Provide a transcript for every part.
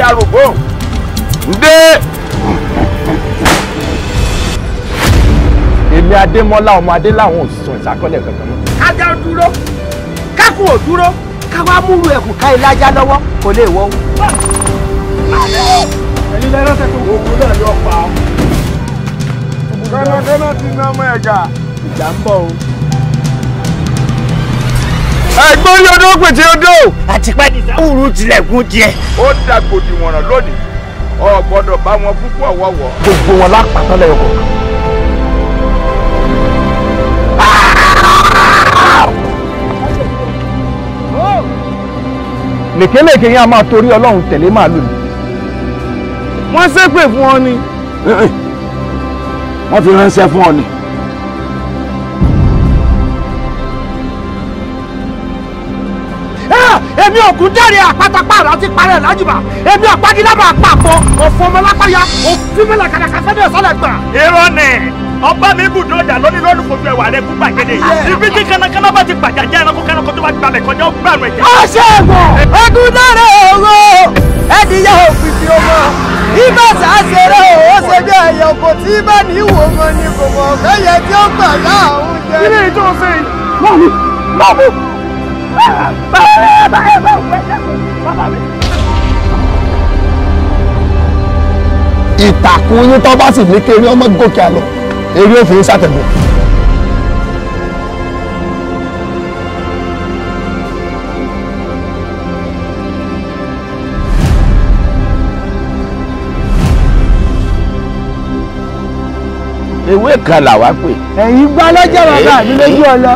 bí arúgbó ǹdé. èmi adémọ́lá ọmọ adé làwọn ò sọ ìṣàkọlẹ̀ kankan mọ́. kájà ó dúró kákùn ò dúró káwá múru ẹkùn ká ilájà lọ́wọ́ kò lè wọ́. ẹ̀yin lẹ́rọ̀ tẹ̀sán òògùn náà yóò pa ọ́. kọ́nà kọ́nà ti ná ọmọ ẹ̀gà. ìjà ń bọ̀ o ẹgbẹ́ orí odó pètè odó. àtìpá ni sáwùrú tilẹ̀kùn tiẹ̀. ó dàgbòdì wọ̀nà lónìí o gbọ́dọ̀ bá wọn púpọ̀ wọ̀wọ̀. gbogbo wọn lápàtàn lẹ́yìn kọ̀ọ̀kan. lèkélèké yẹn a máa torí ọlọ́run tẹ̀lé màálù ni. wọ́n ṣépè fún ọ ni. wọ́n fi ránṣẹ́ fún ọ ni. èmi ògùn dáre àpátápàrà ti parẹ́ lájùbà èmi àpágilábà àpapọ̀ òfò ọmọlápáyà òfin mẹ́lẹ̀ kàdàkà sẹ́dẹ̀ sọ́lẹ̀ gbà. irọ́ nì ọba mi bùdó ọjà lónìí lọ́dún fojú ẹwà rẹ kú gbàgede ibi tí kánákáná bá ti gbàjà jẹ́ ẹranko kánákó tó bá gbalẹ̀ kọjá ó gbàrún ẹ̀jẹ̀. ó ṣe wọ ogun dáre òwò ẹdìyẹ òfìfì ọmọ ibà sàṣẹrẹ òwò ṣe bí ẹyẹ òkò tí bá ní ìwò ọmọ ni kò mọ ọkẹyẹ tí ó gbà láàrún ìtàkùn yín tó bá sì ní kéré ọmọ gòkè àlọ eré òfin ṣàtẹ̀gùn. ewé kan làwa pè. ẹ̀yin gbọ́ lọ́jọ́ bàbá mi lójú ọlọ.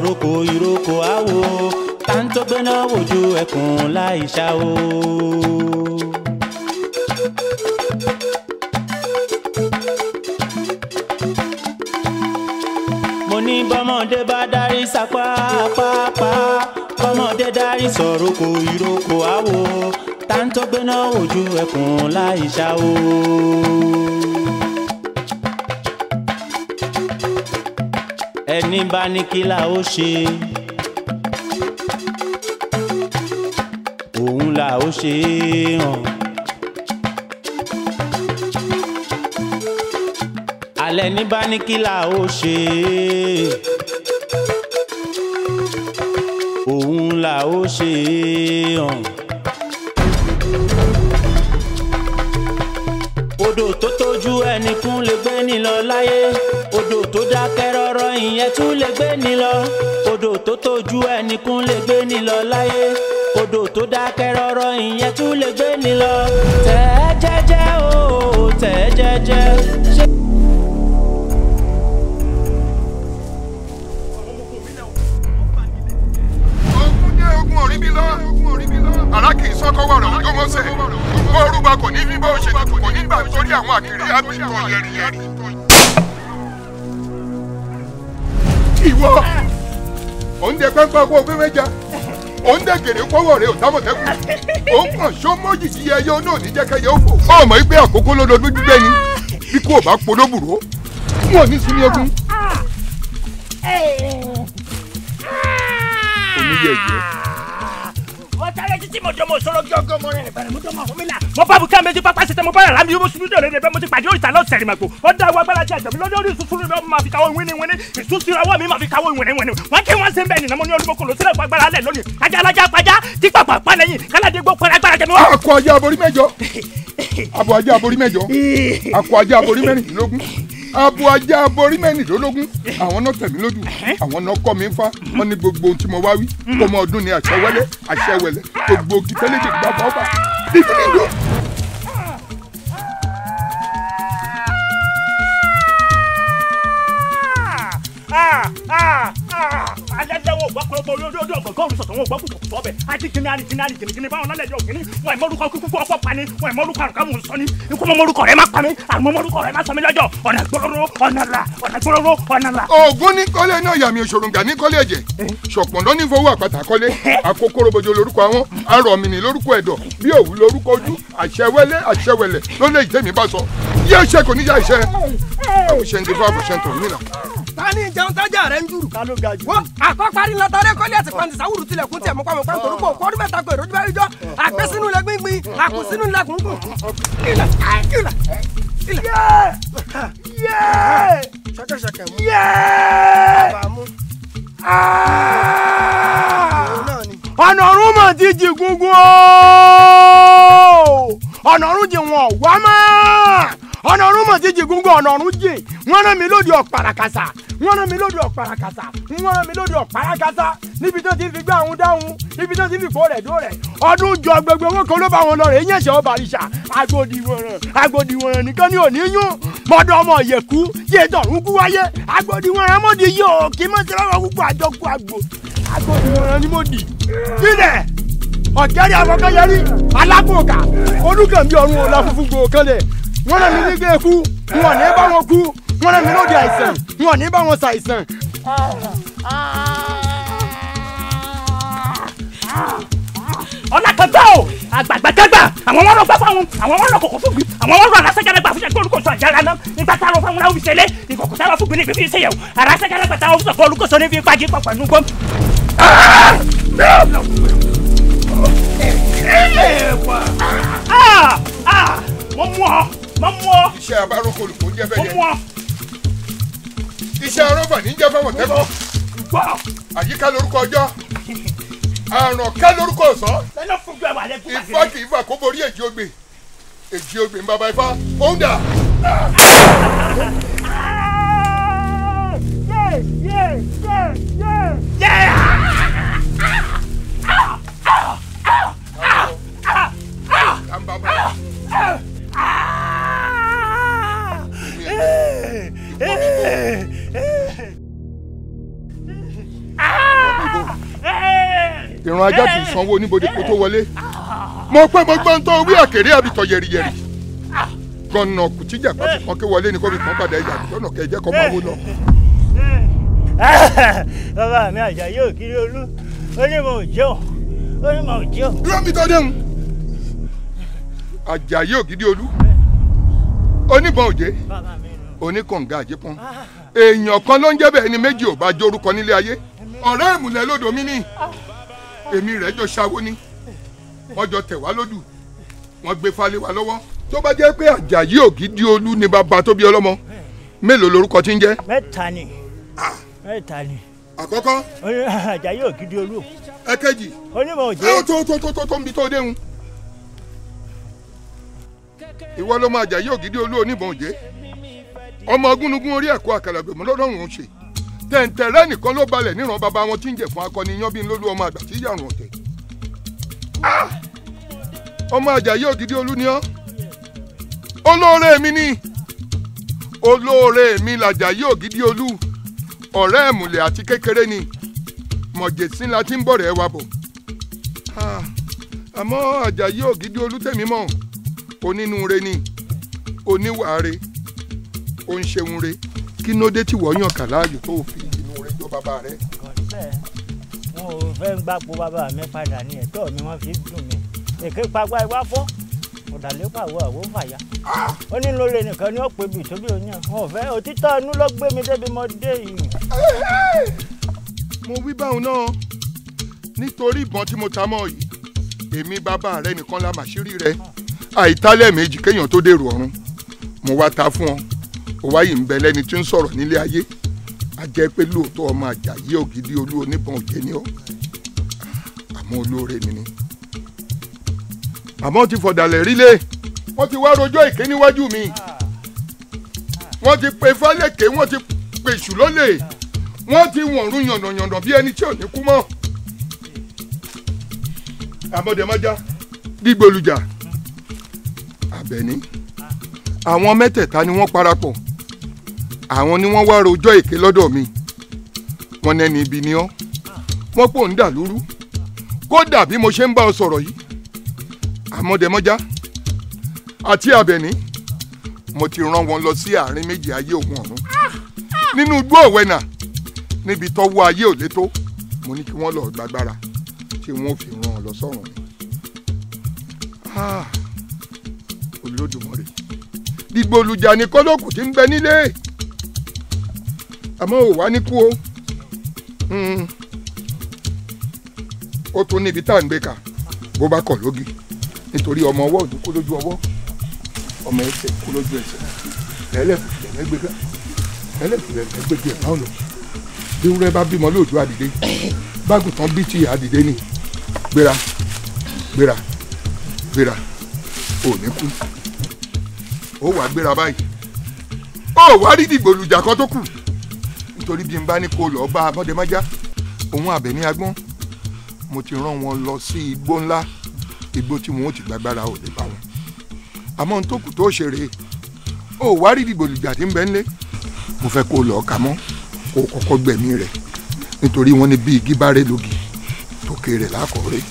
roko ìroko awo, tanto ń tó gbéná wojú ẹkùn láì ṣá o. mo ní bọ́mọdé bá darí sapá pápá bọ́mọdé darí sọ̀rọ̀ kò ìroko àwo ta ń wojú ẹkùn láì ṣá o. ẹni bá ní kí la ó ṣe òun la ó ṣe hàn. alẹ́ ní bá ní kí la ó ṣe òun la ó ṣe hàn. odò tó tójú ẹnìkún lè gbé ni láyé odò tó dákẹ́ rọ́rọ́ ìyẹn tún lè gbé ni lọ odò tó tójú ẹnìkún lè gbé ni lọ láyé odò tó dákẹ́ rọ́rọ́ ìyẹn tún lè gbé ni lọ tẹ̀ jẹ́jẹ́ o tẹ̀ ẹ́ jẹ́jẹ́ ṣé. alákì sọkọwọrọ ọjọmọsẹ bọọrù bá kò ní bí bá ó kò ní gbà torí àwọn àkèrè àbí tó yẹrìyẹrì. ìwọ òǹdẹ pẹ́ńpẹ́ kó o gbé méjà òun dẹ gèrè pọ́wọ́ rẹ ò sámọ̀tẹ́kùn òun kàn ṣó mọ́jì sí ẹyẹ ó náà ní jẹ́kẹ́yẹ ó fò. ọmọ ìgbé àkókò lọ́dọọdún gbígbẹ́ ni bí kò bá polóbùrò wọn ò ní sinmi egun. Ah! Ah! oníyẹ̀yẹ̀ títí mo jọ mo sọ̀rọ̀ kí ọgọ́ mo rẹ̀ bẹ̀rẹ̀ mo jọ fún mi là. mo bá bukẹ́ méjì pápá ṣe tẹ mo bá yàrá mi mo sunu dòde níbẹ̀ mo ti pàdé òrìṣà lọ sẹ̀rì màgbò ó dá owó agbára tí a jẹ̀mí lọ́dọ̀ orí ìsúsú mi máa fi kàwé wíní wíní ìsúsú mi máa fi kàwé wíní wíní kí wọ́n ṣe ń bẹ̀ nìyẹn mo ní olúmọkòló sílẹ̀ agbára alẹ́ lónìí abo ajá aborí mẹ́rìndínlógún àwọn náà tẹ̀mí lójú àwọn náà kọ́ mi ń fa wọn ní gbogbo ohun tí mo wá wí kọ́mọ mm. ọdún ni àṣẹwẹ́lẹ́ àṣẹwẹ́lẹ́ gbogbo kìtẹ́lẹ́dẹ̀ gbà bọ́ bá ìdílé ìlú. Ah! Ah! Ah! ah alẹ́lẹ́ wọn gbọ́ pé ọmọ olódó ọdún ọ̀gbọ̀n wọn gbọ́ kùtù kùtù ọbẹ̀ àti jìnnì àti jìnnì àti jìnnì báwọn náà lẹ́jọ́ òkìní wọn ẹ̀ mọ́rúkọ kúkú kú ọkọ̀ pani wọn ẹ̀ mọ́rúkọ àrùkà mò ni ikú mọ́ mọ́rúkọ rẹ̀ má pa mí àmọ́ mọ́rúkọ rẹ̀ má sọ mí lọ́jọ́ ọ̀nà gbọ́rọ́ ọ̀nà là ọ̀nà gbọ́rọ́ ọ̀nà là. oògùn ní kọ́lé náà yàmì òṣòròǹgà ní kọ́lé ẹ̀jẹ̀ eh? ṣọ̀pọ̀n lọ́ní fowó àpàtà kọ́lé àkókòrò eh? bojo lórúkọ àwọn arọ̀mìnì lórúkọ ẹ̀dọ̀ bí tani jẹun tájà rẹ ń jùrù. kálọ̀ ga jù. wọ́n àkọ́parí ńlá tarẹ́ kọ́lé àti pàǹtí sáwùrù tilẹ̀ kún tiẹ̀ mọ́ pàmò pàǹtí orúkọ òkú ọdún mẹ́ta kọ èrò ojúbá ijọ́ àpẹ́ sínú ilẹ̀ gbíngbín àkú sínú ilẹ̀ kúnkún. ilẹ̀ ilẹ̀ ilẹ̀. yẹ́ẹ̀ ṣẹ̀kẹ̀ṣẹ̀kẹ̀ mú. yẹ́ẹ̀. Ah! ọ̀nà ti jì gúngún o ọ̀nà ọ̀run wọn wá mọ́ ọ̀nà ọ̀run ti jì gúngún ọ̀nà ọ̀run jì mi lóde ọ̀pàràkàsà wọ́n rán mi lóde ọ̀párakàsà wọ́n rán mi lóde ọ̀párakàsà níbi tó ti fi gbá àwọn dáhùn níbi tó ti fi fọ́ rẹ̀ dó rẹ̀ ọdún jọ gbogbo owó kan ló bá wọn lọ rẹ̀ yẹn ṣe ọba àríṣà agbódiwọ̀ràn agbódiwọ̀ràn nìkan ni òní yún mọ́dọ̀ ọmọ yẹ̀kú yẹ̀dọ̀rún kú wáyé agbódiwọ̀ràn mọ́dì yìí ò kí mọ́ sí lọ́wọ́ púpọ̀ àjọkú àgbò agbódiwọ̀ràn ni mọ́dì kílẹ̀ ọ̀jẹ̀rì afọkẹ́yẹrí wọn lẹ́nu ló di àìsàn wọn ò ní bá wọn ṣàìsàn. ọlákọ̀tọ́ o àgbàgbàdàgbà àwọn wọn lọ gbàgbà wọn àwọn wọn lọ kọ̀kọ́ fún mi àwọn wọn lọ alásẹ̀gàdàgbà fún ṣàgbọ́n olùkọ́sọ àjàrà náà nígbà tá a lọ fún amúnáwó ìṣẹ̀lẹ̀ ìkọ̀kọ̀ tá a lọ fún gbìnìgbìn fi ṣe yẹ̀wò alásẹ̀gàdàgbà tá a lọ fún ṣàgbọ́n olùkọ́sọ ní fi pàjẹ́ pàpà nù gbọ́m. mo mú ọ mo mú ọ. iṣẹ́ abáròkọ olùkọ́ jẹ́ fẹ́ yẹn. mo mú ọ iṣẹ́ arọ́bà níjẹ́ fáwọn tẹ́kọ̀ọ́ àyíká lórúkọ ọjọ́ àrùn ká lórúkọ ọ̀sọ́ ifá kì í fà kó borí èjì ogbè èjì ogbè ń bàbá ifá ó Yeah, yeah, yeah, yeah. Yeah! ẹran ajá kì í sanwó oníbodè kó tó wọlé mo pẹ́ mo gbọ́n tó wí àkèré àbìtọ̀ yẹ̀rìyẹ̀rì gànà kùtìjà pàtó kan ké wọlé ní kó fi kàn padà ẹ̀yà àbìtọ̀nà kẹjẹ kọ́ máa wó lọ. bàbá mi àjà yóò kiri olú ó ní mo ò jẹun ó ní mo ò jẹun. irọ́ mi tọ́ déhùn àjàyè ògidì olú oníbọn òjé oníkànga àjẹpọn èèyàn kan ló ń jẹ́ bẹ́ẹ̀ ni méjì ò bá jórúkọ nílé ayé ọ̀rẹ́ ìmùlẹ̀ lọ́dọ̀ mi ni èmi rẹ̀ jọ ṣàwó ni wọ́n jọ tẹ̀ wá lódù wọ́n gbé falẹ̀ wá lọ́wọ́ tó bá jẹ́ pé àjàyí ògidì olú ni bàbá tó bí ọlọ́mọ mélòó lorúkọ tí ń jẹ́. mẹ́ta ni mẹ́ta ni. àkọ́kọ́. àjàyí ògidì olú. ẹ̀kejì. onímọ̀ òjò. ẹ tó tó tó tó tó ń bi tó déhùn. ìwọ ló máa àjàyí ògidì olú onímọ̀ òjò. ọmọ ogúnnugún orí ẹ̀kọ́ àkàlàgbèmọ́ lọ́dọ̀ òun ṣe tẹ̀ǹtẹ̀rẹ́ nìkan ló balẹ̀ níran bàbá wọn tí ń jẹ̀ fún akọni yan bí n lólu ọmọ àgbà tí yàrùn ọ̀tẹ̀. Ah! ọmọ àjàyè ògidì olú ni ọ́ olóore mi ni olóore mi làjàyè ògidì olú ọ̀rẹ́ ẹ̀mùlẹ̀ àti kékeré ni mọ̀jẹ̀sí la ti ń bọ̀rẹ̀ wa bọ̀. Ah! àmọ́ àjàyè ògidì olú tèmi mọ̀ onínúure ni oníwàre ó ń ṣeun re kí ló dé tí wọ́n yàn kà láàyò tó fi inú rẹ jọ bàbá rẹ. kọ̀ǹsẹ̀ wọn ò fẹ́ ń gbàpò bàbá mi padà ní ẹ̀tọ́ mi wọ́n fi dùn mí èké pagbá iwá fọ́ ọ̀dàlẹ́ pàwọ́ àwọ̀ fàyà ó ní lóore nìkan ni ó pè bí tóbi òyìn wọn ò fẹ́ òtítọ́ inú ló gbé mi débi mo dé yìí. mo wí báwọn náà nítorí ìbọn tí mo ta mọ́ yìí èmi bàbá rẹ nìkan la màṣírí rẹ àìtálẹ̀ méjì kéèyàn tó dèrò ọ̀run mo wá ta fún ọ ó wáyé ń bẹ lẹ́ni tí ń sọ̀rọ̀ nílé ayé a jẹ́ pé lóòótọ́ ọmọ àjàyí ògidì olú oníbọn òjé ni ọ́ àmọ́ olóore mi ni. àmọ́ ti fọ̀dàlẹ̀ rílé wọ́n ti wá rojọ́ èké níwájú mi wọ́n ti pe fálẹ́kẹ́ wọ́n ti pèsù lólè wọ́n ti wọ̀nrún yànnàyànnà bí ẹni tí ò ní kú mọ́. àmọ́dẹ̀mọ́já dígbòlujà àbẹ̀ní àwọn mẹ́tẹ̀ẹ̀ta ni wọ́n parapọ̀ àwọn ni wọ́n wá rojọ́ èké lọ́dọ̀ mi wọ́n nẹ́ni ibi ni ọ́ wọ́n pò ń dà lúrú kódà bí mo ṣe ń bá ọ sọ̀rọ̀ yìí àmọ́dẹ́mọ́já àti àbẹ̀ní mo ti rán wọn lọ sí àárín méjì ayé òun ọ̀run nínú igbó ọ̀wẹ́nà níbi tọ́wọ́ ayé ò lé tó mo ní kí wọ́n lọ gbàgbára tí wọ́n fi ràn ọ́ lọ sọ́run ah! Olódùmarè dìgbòlùjà ní kọ́lọ́kù tí ń bẹ nílé àmọ́ ò wá ní kú o hmm. ó tún níbi tá à ń gbé ka bó bá kọ̀ lógi nítorí ọmọ ọwọ́ òdú kó lójú ọwọ́ ọmọ ẹsẹ̀ kó lójú ẹsẹ̀ lẹ́lẹ́kùn lẹ́gbẹ̀gbẹ̀ lẹ́lẹ́kùn lẹ́gbẹ̀gbẹ̀ báwọn lọ bí wúrẹ́ bá bímọ lóòjú àdìde bágùntàn bí ti àdìde ni gbéra gbéra gbéra ò ní kú ó wàá gbéra báyìí ó wàá rí dìgbòlùjà kan tó kù torí bí n bá ní kó lọ́ọ́ bá abọ́dẹ́májá òun àbẹ̀ ní agbọ́n mo ti rán wọn lọ sí igbó ńlá igbó tí wọn ò ti gbàgbára ò lè bá wọn àmọ́ n tó kù tó ṣe rèé wá rí dìgbòlùjà tí ń bẹ ńlé mo fẹ́ kó lọ́ọ́ kà mọ́ kó kọ́kọ́ gbẹ̀mí rẹ̀ nítorí wọ́n ní bí igi bá rẹ lógi tókè lákọ̀ọ́rẹ́.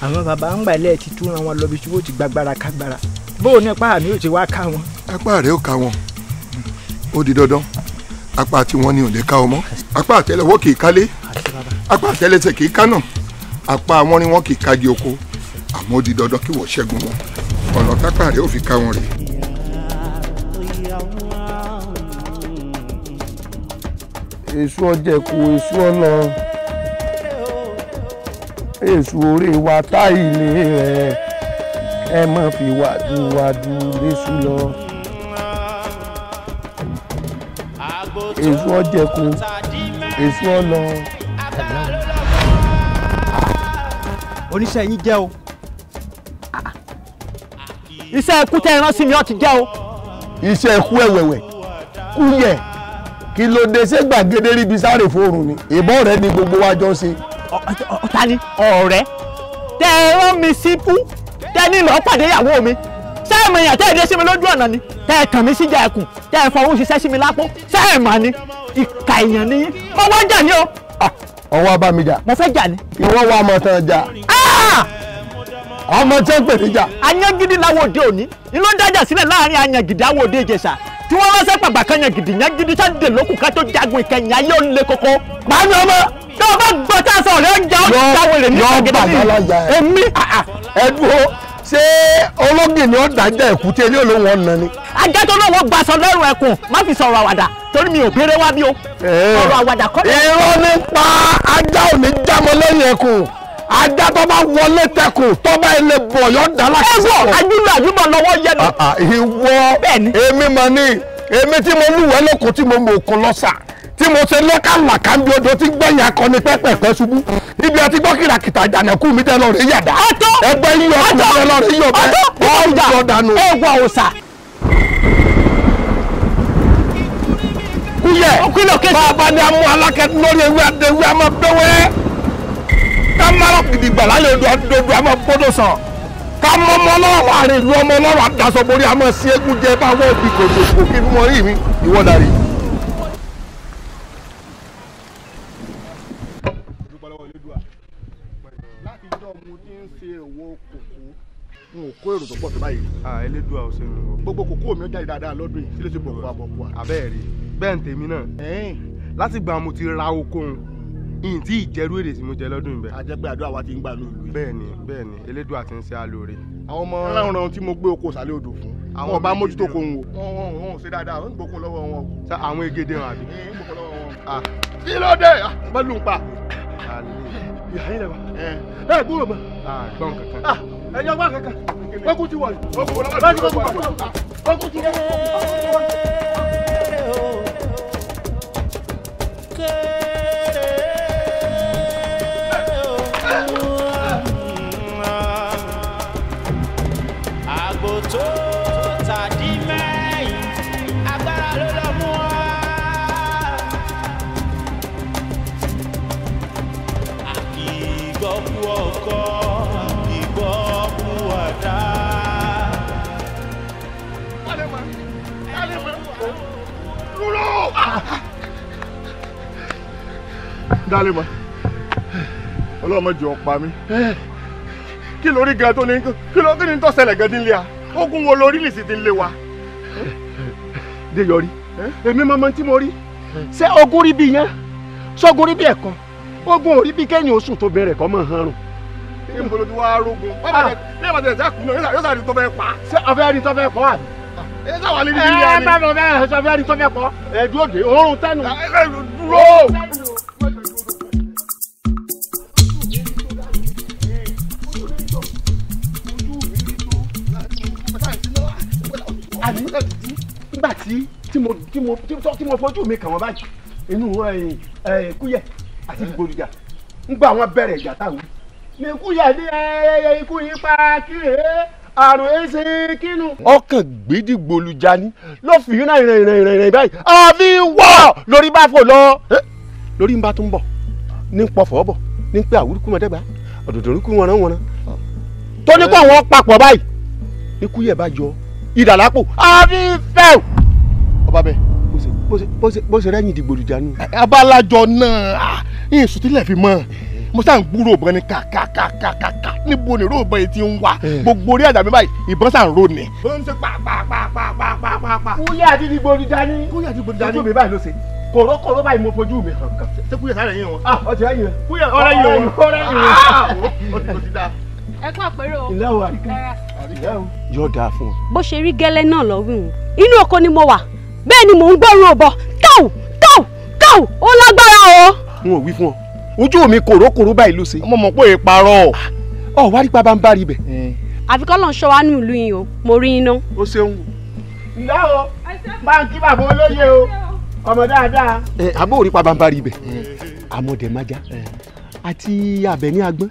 káyọ̀ bàbá ń gbà ilé ti tún ra wọn lọ bí tí wọ́n ti gbàgbára kágbára bóun nípa àmì ò ti wá ká wọn apá rẹ ó ka wọn ó di dandan apá tiwọn ni ò lè ka ọ mọ́ apá àtẹ́lẹwọ́ kì í kálé apá àtẹ́lẹsẹ̀ kì í kánà apá wọn ni wọn kì í kági oko àmọ́ ó di dandan kí wọ́n ṣẹ́gun wọn ọ̀nà tápá rẹ ó fi ka wọn rè. èso ọjẹkù èso ọ̀nà èso orí wa táyì lè rẹ̀ ẹ má fi wàdúwàdú lẹ́sùn lọ. èṣù ọjẹko èṣù ọlọ. oníṣẹ́ yín jẹ́ o iṣẹ́ ikú tẹ́ ẹran sí mi ó ti jẹ́ o. iṣẹ́ ikú ẹ̀wẹ̀wẹ̀ kú yẹ kí ló dé ṣé gbàgede ríbi sáré fóònù ni ìbọn rẹ ni gbogbo wa jọ ṣe. ọ̀tá ni ọ̀rẹ́ tẹ ẹran mi síkú tẹ ní lọ́ọ́ pàdé ìyàwó mi táwọn èèyàn tẹ́ ẹ̀ dé sí mi lójú ọ̀nà ni tẹ́ ẹ̀ kàn mí síjà ẹ̀kùn tẹ́ ẹ̀ fọwọ́ ṣiṣẹ́ sí mi lápò ṣé ẹ̀ mà ni ìkà èèyàn ni yín mo wá jà ní o. ọwọ́ bá mi jà. mo fẹ́ jà ni. ìwọ wa ọmọ tán jà. ọmọ tẹ́ ń pè níjà. ayangidi láwo òde òní ni ló dájà sílẹ̀ láàrin ayangidi àwo òde ìjẹsà tí wọ́n ránṣẹ́ pàgbà kan yangidi yangidi sáde lókùn ká tó jagun ìkẹyìn ayé òun lé koko. màá ọmọ tó o bá gbọ́ tá a sọ ọ̀rẹ́ ọjà ó ti jáwèrè ní ìgbàgede ní èmi. ẹ ṣé ológì ni ó dájọ́ èkúté ní olóhùn ọ̀nà ni. ajá tó lówó gbaṣọ lọ́rùn ẹkùn má fi sọ̀rọ̀ àwàdà torí mi ò béèrè wá bí o. Eh. ọ̀rọ̀ àwàdà kọ́ lẹ́yìn. irọ́ nípa ajá ò ní jámọ́ lẹ́yìn ẹkùn ajá tó bá wọlé tẹkùn tó bá ilé bọ̀ yọ̀ dá láti sọ. ẹ wọ ajúlọ àjúbọ lọ́wọ́ yẹnu. Ah, ah, ìwọ èmi mọ ni èmi tí mo lúwẹ̀ẹ́ lókun tí mo mọ òkun lọ́sà tí mo ṣe lọ́kàlàkà ń bí odò tí gbẹ̀yìn akọni pẹ́pẹ́pẹ́ ṣubú ibi àti gbọ́ kìràkìtà jànàkú mi tẹ́ lọ́ọ̀rẹ́ yàdá ẹgbẹ́ yín ọkùnrin tẹ́ lọ́ọ̀rẹ́ yín ọbẹ̀ wọ́n yọ dànù. ẹwà òòsà. kúyẹ bàbá ni a mú alákẹ́tù lórí ewé adéwé a máa bẹ́wẹ́ ká má lọ gidigba láyé dodo a máa bódò sàn ká mọ ọmọ ọlọ́rọ̀ àrè ìlú ọmọ ọlọ́rọ̀ àdàsọ borí a máa sí eégún n ò kó èrò tó pọ̀ tó báyìí. elédùà ò ṣe ń lọ. gbogbo kòkó mi ó jáde dáadáa lọ́dún yìí kí ló ṣe bọ̀ wá bọ̀ wá. àbẹ́ẹ̀ rí bẹ́ẹ̀ ń tèmi náà láti gbà mo ti ra oko n ìyìn tí ìjẹ́rú èrè tí mo jẹ lọ́dún yìí bẹ́ẹ̀. a jẹ́ pé àdúrà wa ti ń gbà ní ìlú yìí. bẹ́ẹ̀ni bẹ́ẹ̀ni elédùà ti ń ṣe alóore. àwọn ọmọ ọlọ́run tí mo gbé oko sàlẹ̀ odò fún àwọn ọba mójútó kò ń wò. wọn wọn ò ṣe dáadáa wọn ń gbókò lọ́wọ́ wọn. àwọn ẹ̀yin ọgbà kankan gbẹ́kú ti wọ̀lú gbẹ́kú ti wọ̀lú gbẹ́kú ti wọ̀lú. dálé mọ́ ọlọ́mọdé ọ̀pá mi kí lórí gan tó ní kí ló kí ni tó ṣẹlẹ̀ gan nílé a ogun wo lórí nìsí ti ń lé wa. dé yọrí èmi mọ́mọ́ tí mo rí ṣé ogun rí bí yẹn ṣogun rí bí ẹ̀kan ogun ò rí bí kẹ́yìn oṣù tó bẹ̀rẹ̀ kọ́ mọ̀ hàn rùn. kí n bolo ti wá rogun bàbá rẹ ah. bàbá rẹ sàkùn yóò sàrí tó fẹ́ pa. ṣé ọfẹ́ rí tó fẹ́ pọ̀ ní ilé ẹni. ẹ bá mi ọfẹ́ rí tó fẹ́ pọ̀ ẹ dúró dé òórùn tẹnu. dúró. nígbà tí tí mo tí mo tí mo fojú mi kàn wọ́n báyìí inú eh, eh, kúyẹ̀ àti eh. gbòdìjà ń gba àwọn bẹ̀rẹ̀ ìjà táwọn. ní kúyẹ̀ ní ẹyẹ ikú yìí pa kí ẹ àrùn ẹsẹ̀ kínú. ọkàn gbẹdìgbòlùjà ni ló fi iná ìrìn ìrìn ìrìn ìrìn báyìí àfi wọ lórí bá fò lọ lórí ń bá tó ń bọ̀ ní pọfọ bọ ní pé àwùrúkú mọdẹgbà ọdọdọrúkú wọnà wọnà tó ní kó àwọn papọ̀ báyìí ní kúyẹ̀ bá jọ ìdà lápò àfi fẹ́ ọba bẹ́ẹ̀ bó ṣe rẹ́yìn ìdìgbò ìjà nù. abalajọ náà yín sùtìlẹ̀ fi mọ́ mo sàn gbúrò bọ́ ni kàkàkàkàkà níbo ni róòbọ̀ yìí ti ń wá gbogbo orí àjà mi báyìí ìbọn sàn ro ni. ó ń ṣe pàápàápàápàápàá. kúlẹ̀ àti ìdìgbò ìjà ni kúlẹ̀ àti ìdìgbò ìjà ni mi báyìí ló ṣe kọ̀rọ̀kọ̀rọ̀ báyìí mo fojú mi hàn kàn. ṣé kúlẹ̀ sáré yín wọn. ọ̀rẹ́ yín o ọ̀rẹ́ ah, yín o ọ̀rẹ́ yín o ẹ kú àpérò. ìlàwọ àríkà yóò dáa fún ọ. bó ṣe rí gẹ́lẹ́ náà lọ́wọ́ ìhùn inú oko ni mo wà bẹ́ẹ̀ ni mò ń gbọ́rùn ọ̀bọ káù káù káù ó lágbára o. n ò wí fún ọ ojú mi kòrókòró báyìí ló ṣe ọmọ mọ̀ pé ìparọ́ ọ wá rí bàbá ń bá rí bẹ̀. àfi kọ́ ló ń ṣọ́ ní ìlú yìí o mo rí iná. o ṣeun. ìyá o máa ń kí bàbá olóye o ọmọ dáadáa. àbó òrí bàbá ń bá rí bẹ̀ àmọ̀dẹ̀ májá àti àbẹ̀ agbọ́n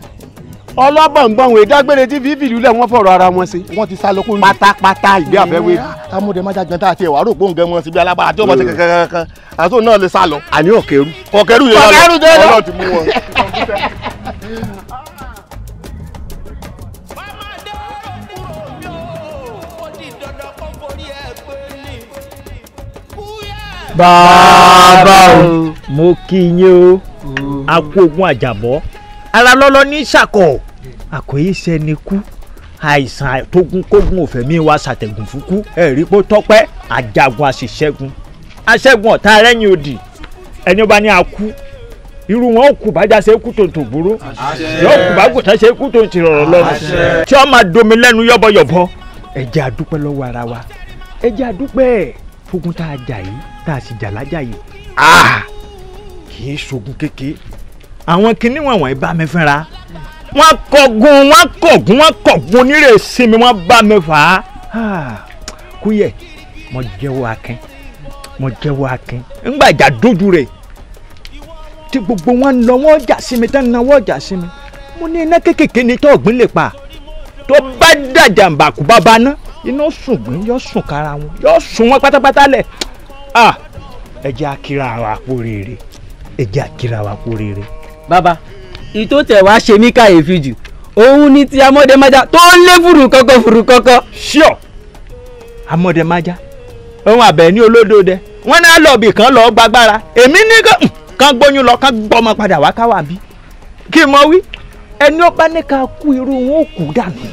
ọlọ́bọ̀ngbọ̀n ìdágbére tí fífi lulẹ̀ wọ́n fọ̀rọ̀ ara wọn sí. wọ́n ti sá lọ kó. pátápátá ìgbé àfẹ́wé. amúdẹ má jágbọ́n tá a ti ẹ̀wà rò gbóǹgẹ́ wọn síbi alábàá àti ọmọdé kankan àtò náà lè sá lọ. àní ọ̀kẹ́rù. ọ̀kẹ́rù yẹn lọ ọ̀kẹ́rù ti mú wọn. bàbá o mo kí yín o a kú ogun àjàbọ́ ara lọ́lọ́ ní ṣàkọ̀ọ́ àkòyíṣẹ́ni kú àìsàn tógun kógun òfẹ̀mí wa ṣàtẹ̀gùn fún kú ẹ̀rí pé tọ́pẹ́ àjagun àṣìṣẹ́gun aṣẹ́gun ọ̀tá ẹlẹ́yìn òdì ẹni bá ní akú irú wọn ò kù bájá ṣe kú tó ń tò burú yóò kù bá gùtà ṣe kú tó ń ti rọ̀rọ̀ lọ́rùn tí ó máa domi lẹ́nu yọ́bọ̀yọ̀bọ̀ ẹ jẹ́ a ara wa ẹ jẹ́ a tá a jà yìí tá a sì jà lájà yìí ah! kì í ṣogun kékeré àwọn kinní wọ̀nyí bá mi fínra wọn kọ̀gùn wọn kọ̀gùn wọ́n kọ̀gùn onírè bá mi fà á ah, kúyẹ mo jẹ́wọ́ akin mo jẹ́wọ́ akin ńgbà ìjà dúdú rẹ̀ ti gbogbo wọn lọ wọ́n jà sí mi tán jà sí mi mo ní iná kékèké ni tó lè pa tó bá dàjà ná iná yóò sùn kára wọn yóò sùn wọn pátápátá ah, ẹ jẹ́ rere ẹ jẹ́ ìtò tẹ̀ wá ṣe mí kàyéfì jù òun ni ti amọ̀dẹ́májá tó ń lé fùrù kọ́kọ́ fùrù kọ́kọ́. ṣíọ amọ̀dẹ́májá ohun àbẹ̀ ní olódòdẹ wọn náà lọ bì kan lọ gbàgbára èmi ní hmm, kan gbóyún lọ kan gbọmọ padà wá káwà bí kí n mọ wí ẹni ó bá ní ká kú irú wọn ò kú dànù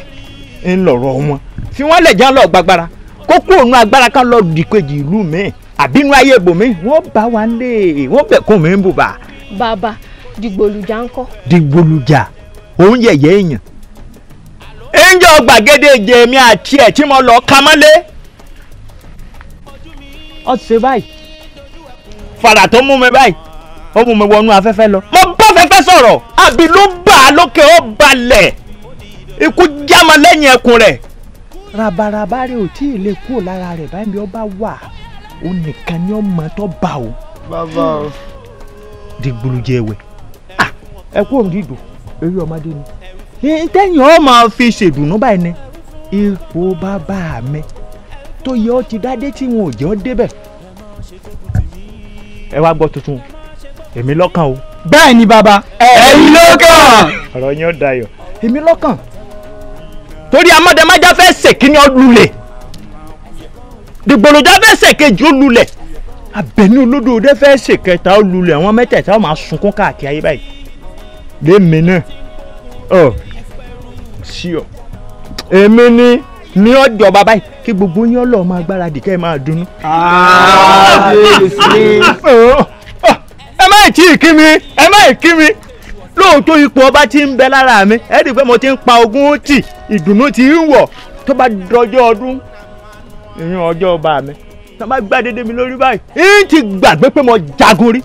ń lọ̀rọ̀ wọn tí wọ́n lè já lọ gbàgbára kó kú òun agbára kan lọ dìkejì ìlú mi àbínú ayé ibòmí wọn bá wa lé wọn bẹ̀ kún mi ń bùbà. bàbá dìgbòlùjà ńkọ́. dìgbòlùjà òun yẹ̀yẹ́ èèyàn. ẹ̀ńjọ́ gbàgede ìjẹ́ mi àti ẹ̀ tí mo lọ ka mọ́lé. ọ ti ṣe báyìí. fàrà tó mú mi báyìí ó mú mi wọnú afẹ́fẹ́ lọ. mo bá fẹ́fẹ́ sọ̀rọ̀ àbí ló bà á lókè ó balẹ̀ ikú jámọ lẹ́yìn ẹkùn rẹ̀. rabaraba rẹ ò tí ì lè kúrò lára rẹ báyìí bí ó bá wà ó nìkan ni ó mọ tó bá o. bàbá o. dìgbòlùjẹ wẹ̀ ẹ kú òǹdí ìdò eré ọmọdé ni tẹ́yìn ọ máa fi ṣèdùnnú báyìí ni ipò bàbá mi tó yẹ ọ ti dádé tí wọn ò jẹ́ ọ débẹ̀ ẹ wá gbọ́ tuntun èmi lọ́kàn o. bẹ́ẹ̀ ni bàbá ẹ̀yin lọ́kàn. ọ̀rọ̀ yín ó dayọ̀. èmi lọ́kàn. torí amọ̀dẹ́májá fẹ́ ṣèkíní ọlùlẹ̀ dìgbòlójá fẹ́ ṣèkejì ọlùlẹ̀ abẹ́ni olódò òde fẹ́ ṣèkẹta ọlùlẹ̀ àwọn mẹ́tẹ̀ẹ̀ta máa sunkún káàkiri ayé báyìí lèmi náà ọ sí ọ èmi ni ní ọjọ́ bàbá yìí kí gbogbo yín ọlọ́ọ̀ máa gbáradì kẹ́ ẹ máa dunnú. ẹ má ì tí ì kí mi ẹ má ì kí mi lóòótọ́ ipò ọba ti ń bẹ lára mi ẹ rí i pé mo ti ń pa ogún tì ìdùnnú ti ń wọ̀ tó bá dọjọ́ ọdún ìyún ọjọ́ ọba mi tó bá gbàdédé mi lórí báyìí ń ti gbàgbé pé mo jagun rí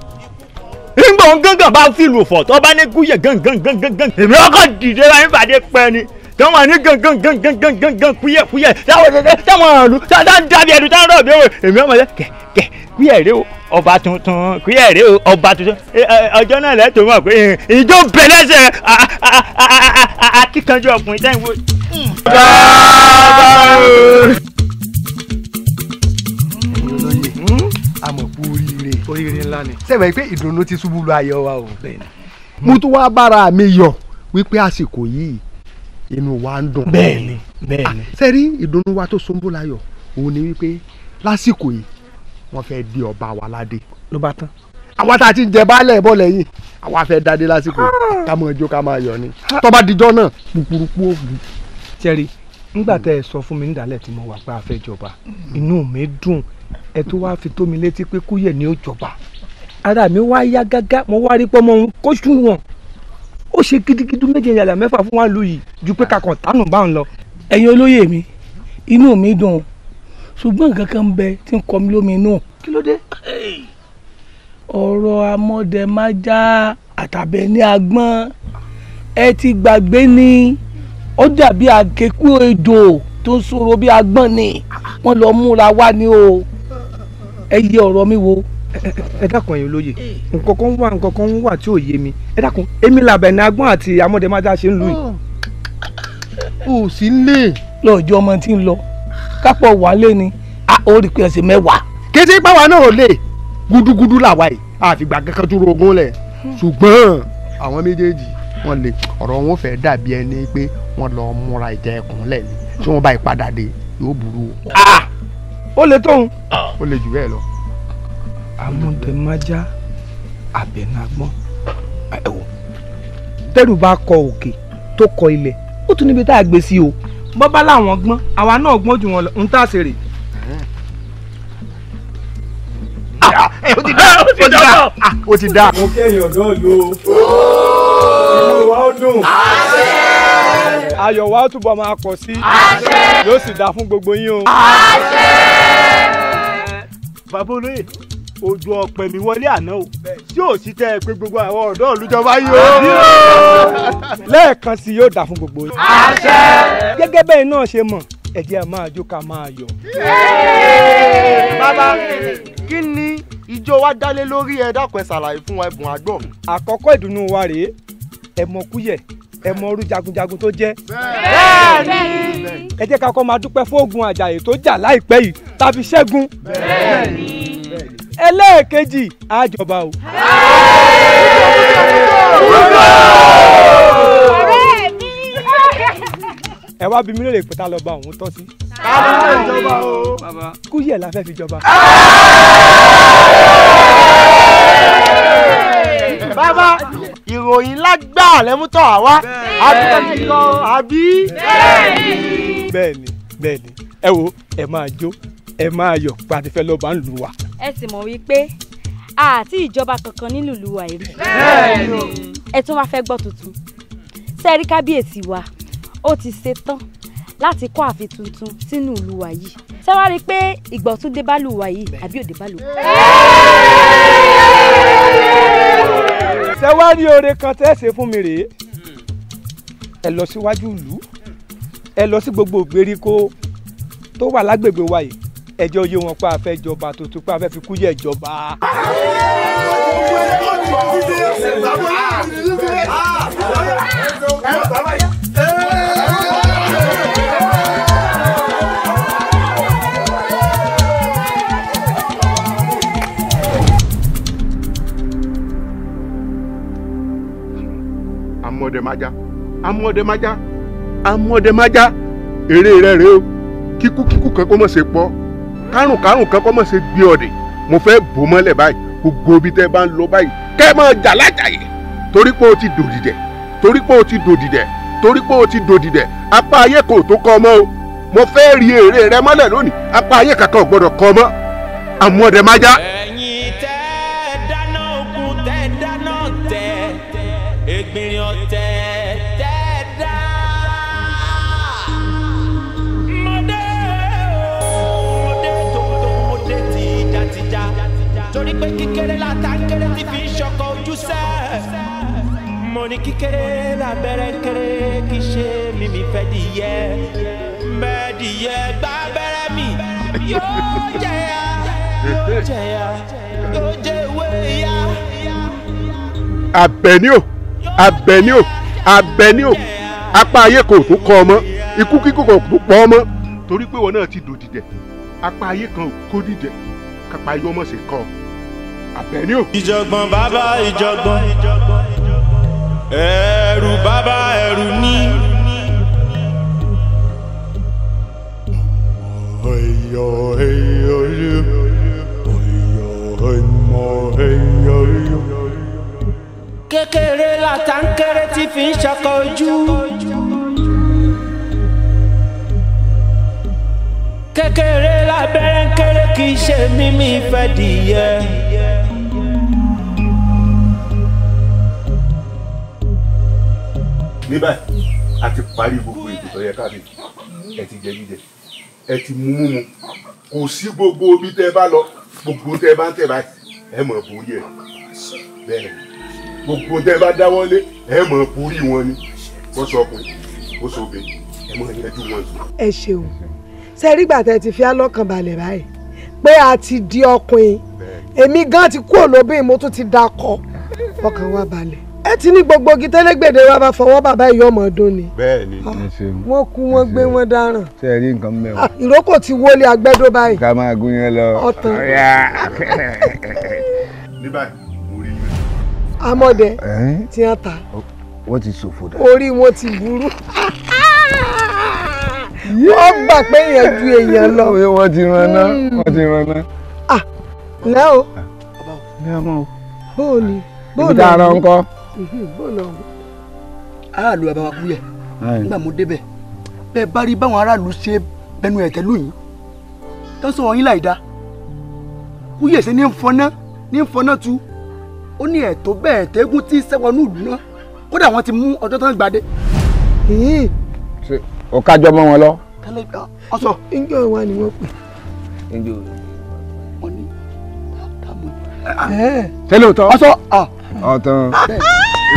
ngbọ̀ gángan bá fìlù fọ̀ tó bá ní gúyẹ̀ gángan gángan gángan èmi ọkọ̀ dìde wáyé pàdé pẹ́ ni tọ́wọ́n ní gángan gángan gángan gángan kúyẹ̀ kúyẹ̀ táwọn ọ̀dọ́dọ́ táwọn ọ̀lú táwọn dábìá ẹ̀dùn táwọn ọ̀dọ́ ìbéwò èmi ọmọ yẹn kẹ̀ kẹ̀ kúyẹ̀ rẹ o ọba tuntun kúyẹ̀ rẹ o ọba tuntun ọjọ́ náà lẹ́tọ̀ọ́ mọ̀ pé ìjọ bẹ̀lẹ́sẹ̀ akíkanjú ọkùnrin sẹ́yìn wo. oríire ńlá ni. sẹ́wọ̀n pé ìdùnnú ti ṣubú lu ayọ̀ wa o. mo tún wá bára mi yọ̀ wípé àsìkò yìí inú wa ń dùn. bẹ́ẹ̀ni bẹ́ẹ̀ni. sẹ́rí ìdùnnú wa tó ṣubú láyọ̀ òun ni wípé lásìkò yìí wọ́n fẹ́ di ọba wa ládé. ló bá tán. àwa tá a ti ń jẹ baálẹ̀ bọ́ lẹ́yìn àwa fẹ́ dádé lásìkò ah. ká máa jó ká máa yọ̀ ni tó dijọ́ náà púpùrù púpù. sẹ́rí nígbà hmm. tẹ ẹ sọ fún mi nídàálẹ̀ tí mo wà pé a fẹ́ jọba inú mi dùn ẹ tó wáá fi tó mi létí pé kúyè ni ó jọba ara mi wá yá gágá mo wá rí pọ́nmọ́ òun kó sùn wọn ó ṣe gidigidi méje yàrá mẹ́fà fún wa lù yìí ju pé kakàn tánù bá ń lọ. ẹ̀yin olóyè mi inú mi dùn ṣùgbọ́n nǹkan kan bẹ tí ń kọ mi lómi inú. kí ló dé. ọ̀rọ̀ amọ̀dẹ máa já àtàbẹ̀ ní agbọ́n ẹ ti gbàgbé ni ó dàbí àgékù èdò tó ń sọ̀rọ̀ bí agbọ́n ni wọ́n lọ múra wá ní o ẹ yẹ ọ̀rọ̀ mi wo. ẹ dákun ẹ̀yin olóye nǹkan kan wà nǹkan kan wà tí ò yé mi ẹ dákun èmi làbẹ̀ ní agbọ́n àti amọ̀dẹ́májá ṣe ń lù yìí. o sì ń lè. lọ́jọ́ ọmọ tí ń lọ kápọ̀ wálé ni a ó rí pé ẹsẹ̀ mẹ́wàá. kété pàwọn náà ò lè gudugudu làwa yìí àfìgbà kankan dúró ogún lẹ̀ ṣùgbọ́n àwọn méjèèjì wọ́n lè ọ̀rọ̀ wọn fẹ́ dàbí ẹni pé wọ́n lọ múra ìjà ẹkùn lẹ̀ ni tí wọ́n bá ìpadà dé yóò burú o. ó lè tóun. ó lè jù bẹ́ẹ̀ lọ. amúntẹ̀májá àbẹ̀nagbọ́n ẹ̀wọ̀ tẹ́rù bá kọ òkè tó kọ ilẹ̀ ó tún níbi tá a gbé sí o bọ́bá làwọn gbọ́n àwa náà gbọ́n jù wọn lọ ń tà sí ó ti dá ó ti dá mo kẹ́yìn ọ̀dọ́ ìlú o wa ó dùn. àṣẹ. ayọ̀ wa ó túbọ̀ máa pọ̀ sí. àṣẹ. yóò sì dáa fún gbogbo yín o. àṣẹ. bàbá olóyè ojú ọpẹ mi wọlé àná o tí ò sí tẹ ẹ pé gbogbo àwọn ọ̀dọ́ olùjọba yìí o. lẹ́ẹ̀kan sí yóò dà fún gbogbo yín. àṣẹ. gẹ́gẹ́ bẹ́ẹ̀ náà ṣe mọ̀ ẹ jẹ́ máa jó ká máa yọ̀. bàbá kí ni ìjọ wa dálé lórí ẹ dákun ẹ ṣàlàyé fún wa ẹbùn àgbọn. àkọ́kọ́ ìdùnnú wa rèé ẹ mọ kúyẹ̀ ẹ mọ orú jagunjagun tó jẹ́. bẹ́ẹ̀ni. ẹ jẹ́ ká kọ́ máa dúpẹ́ fún ogun àjàyè tó jà láìpẹ́ yìí tàbí ṣẹ́gun. bẹ́ẹ̀ni. ẹlẹ́ẹ̀kejì àjọba o. ọ̀rẹ́ mi. ẹ wá bí mi lè pè tá lọ bá òun tọ́ sí. ká ló o. kúyẹ̀ la fẹ́ fi jọba bàbá ìròyìn lágbàá lẹ́mútọ̀ àwa àbí àbí. bẹ́ẹ̀ni bẹ́ẹ̀ni ẹ wo ẹ máa jó ẹ máa yọ̀ pé a ti fẹ́ lọ́ba ń lù wá. ẹ sì mọ̀ wípé àti ìjọba kankan nílùú ìlú wa èrè. ẹ tún wá fẹ́ gbọ́ tuntun sẹ́rí kábíyèsí wa ó ti ṣetán láti kọ́ ààfin tuntun sínú ìlú wa yìí ṣé wàá rí i pé ìgbọ̀tún dé bá lù yìí àbí òde ṣé wá rí oore kan tẹ́ ṣe fún mi rèé ẹ lọ síwájú ìlú ẹ lọ sí gbogbo ìgbèríko tó wà lágbègbè wa yìí ẹ jẹ́ wọn pé a jọba tuntun pé a fi kú yẹ jọba. Ah! amúọdẹmájá amúọdẹmájá amúọdẹmájá èrè rẹ rèé o kíkú kíkú kan kó mọ̀ ṣe pọ̀ kárùn kárùn kan kó mọ̀ ṣe gbé ọ̀dẹ̀ mo fẹ́ bò mọ́lẹ̀ báyìí gbogbo ibi tẹ́ bá ń lọ báyìí kẹ́ ẹ máa jà lájà yìí torí pé o ti dòdìdẹ̀ torí pé o ti dòdìdẹ̀ torí pé o ti dòdìdẹ̀ apá ayé kò tó kọ́ ọmọ o mo fẹ́ rí èrè rẹ mọ́lẹ̀ lónìí apá ayé kankan ò gbọ́dọ̀ kọ́ ọmọ amúọdẹmájá. Yeah. ní kíkéré lábẹ́rẹ́ kéré kí ṣe mímí fẹ́ dìyẹ bẹ́ẹ̀ dìyẹ gbá abẹ́rẹ́ mi yóò jẹyà yóò jẹyà yóò jẹ ìwé ìyá. Àbẹ̀ní o Àbẹ̀ní o Àbẹ̀ní o apá ayé kò tún kọ ọmọ ikú kíkó kò tún pọ̀ ọmọ torí pé wọn náà ti dòdìdẹ apá ayé kan ò kó dìdẹ kápá ayé ọmọ sì kọ Àbẹ̀ní o. ìjọ̀gbọ̀n bàbá ìjọ̀gbọ̀n ẹrù bàbá ẹrù ní. ọ̀yọ̀ ẹ̀yọ̀ yó ọ̀yọ̀ ẹ̀mọ̀ ẹ̀yọ̀ yó. kékeré làtàǹkéré ti fi ń ṣọkọ ojú. kékeré lábẹ́rẹ́ kéré kì í ṣe mímí ìfẹ́ dìyẹ. ní báyìí a ti parí gbogbo ètò tó yẹ káàbí ẹ ti jẹ jíjẹ ẹ ti mú mú kò sí gbogbo omi tẹ bá lọ gbogbo tẹ bá ń tẹ báyìí ẹ mọ̀ borí ẹ bẹ́ẹ̀ gbogbo tẹ bá dáwọ́lé ẹ mọ̀ borí wọn ni wọ́n sọ ọkùnrin ó sọ obìnrin ẹ mọ̀ yẹjú wọn jù. ẹ ṣeun ṣe rí gbàtẹ ti fi á lọ́kàn balẹ̀ báyìí pé a ti di ọkùnrin èmi gan ti kúrò lóbìn mo tún ti dakọ ọkàn wa balẹ̀ ẹ ti ní gbogbo igi tẹ́lẹ̀gbẹ̀dẹ̀ wa bá fọwọ́ bàbá ìyá ọmọ ọdún ni. bẹ́ẹ̀ni ah, ẹ ṣeun wọn kú wọn gbé wọn dáràn. ṣe é rí nǹkan mẹ́wàá. Ah, ìrókò ti wọlé agbẹ́dọ́ báyìí. ká máa gún yẹn lọ. ọ̀tàn. ní báyìí mo rí yín. amọ̀dẹ tí wọ́n ta. wọ́n ti ṣòfò dà. orí wọn ti burú. wọ́n gbà pé èèyàn ju èèyàn lọ. wọ́n ti ran ná hmm. wọ́n ti ran ná. Ah, lẹ́ o. lẹ́ o. bóò ni. bóò ni. ibi tá a rán ń kọ́. Mhm, aráàlú ẹ bá wa kú yẹ nígbà mo débẹ̀ bẹ́ẹ̀ bá rí báwọn aráàlú ṣe bẹnu ẹ̀tẹ́ lóyún tó ń sọ̀rọ̀ yín láì dá kúyè sí ní fọná ní fọná tu ó ní ẹ̀tọ́ bẹ́ẹ̀ tẹ́gùn tí sẹ́wọnú ìlú náà kódà wọ́n ti mú ọjọ́ tán gbadé. ó kájọ mọ́ wọn lọ. ọsọ. ǹjọ́ wa ni wọ́n pè. ǹjọ́ wọn ni tẹ́lẹ̀ òtọ́. ọsọ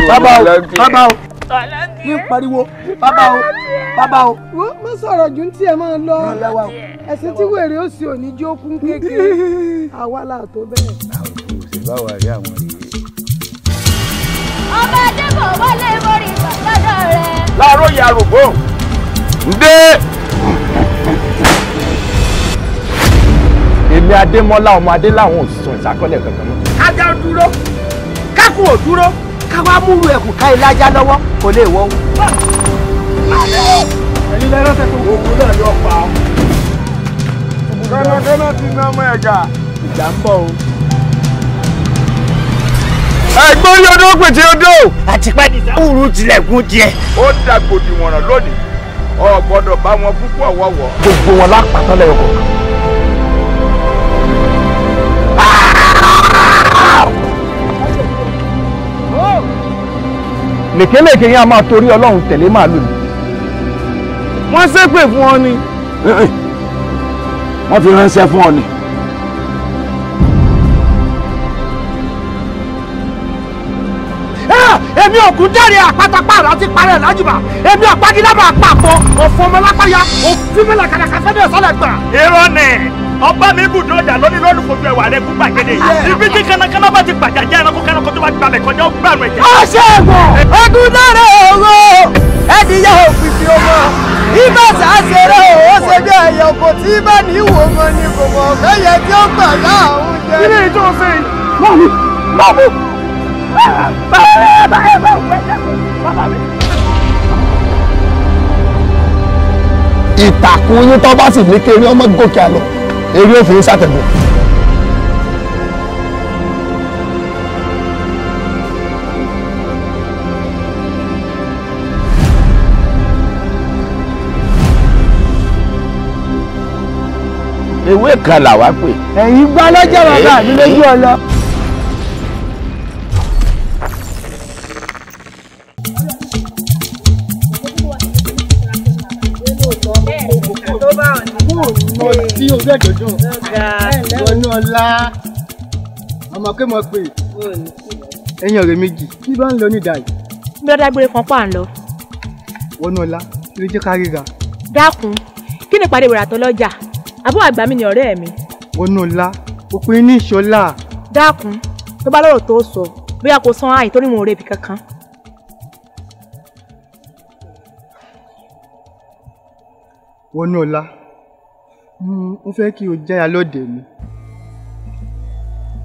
bàbá o bàbá o ní pariwo bàbá o bàbá o. wọ́n mọ sọ̀rọ̀ ju ti ẹ̀ máa lọ ẹ̀sìn tí wèrè ó sì òní jókun kékeré àwa là tó bẹ̀rẹ̀. àwọn òṣèlú báwa rí àwọn rí ọba adébọ̀ wọlé mórí lọ́dọ̀ rẹ̀. láàárọ̀ yà rògbò ndé. èmi adémọlá ọmọ adé làwọn ò sùn ìsàkọlẹ̀ kankan mọ́. kájà dúró kákùn ò dúró ká wá múru ẹ̀kú ká ilájà lọ́wọ́ kò lè wọ́ ẹ̀yin lẹ́rọ tẹ̀sán òkú náà yọ pa ọ́. kọ́nàkọ́nà ti ná ọmọ ẹ̀gà. ìjà ń bọ̀ o. ẹ̀gbọ́n yọdọ́ pèsè odò. àti pẹ́ẹ́dì sáwùrú tilẹ̀kùn tiẹ̀. ó dàgbòdì wọ̀nràn lónìí ọ̀ gbọ́dọ̀ bá wọn púpọ̀ wọ̀wọ̀. gbogbo wọn lápá tán lẹ́yọ̀kọ̀ọ̀kan. lèkélèké yẹn a máa torí ọlọ́run tẹ̀lé màálù ni. wọ́n ṣépè fún ọ ni. Eh, eh. wọ́n fi ránṣẹ́ fún ọ ni. Ah, èmi òkú jẹ́rìí àpátápàrọ̀ àti parẹ́ lájùmọ̀ èmi ọ̀págilábà àpapọ̀ òfò ọmọlápáyà òfin mẹ́lẹ̀ kàdàkà sẹ́dẹ̀ sọ́lẹ̀ gbà. irọ́ ni ọba mi bùdó ọjà lórí lọ́dún fojú ẹwà rẹ kún gbàgede ibi tí kánákáná bá ti gbàjà jẹ́ ẹranko kánakó tó bá gba bẹ̀ kọjá ó gbàrú ẹ̀jẹ̀. ọ̀ṣẹ́gun ogun lára òru ẹ̀dìyà òfìfì ọmọ ibà sàṣẹrẹ òwò ṣe bí ẹ̀yọ̀ kò tí bá ní ìwò wọn ni kò mọ̀ yẹ tí ó gbà mi. ìtàkùn yín tó bá sì ní kéré ọmọ gòkè àlọ́ eré òfin sàtẹ̀gùn. ewé kan làwa pè. ẹ̀yin gbọ́ lọ́jọ́ bàbá mi lójú ọlọ. ojú ẹ̀ dòdò wọnú ọlá ọmọ pé mo pè ẹ̀yin ọ̀rẹ́ méjì kí ló ń lọ ní ìdáyìí. bí ọ̀dà gbére kan pa à ń lọ. wọnú ọlá eré jẹ́ ká ríra. dákun kí ni ìpàdé wèrà tó lọ́jà àbúrò àgbà mi ni ọ̀rẹ́ mi. wọnú ọlá òpin ní ìṣọlá. dákun tó bá lọ́rọ̀ tó sọ bóyá kò san àì torí mo rèébi kankan. wọnú ọlá mo mm, fẹ́ kí o jáya lọ́dẹ mi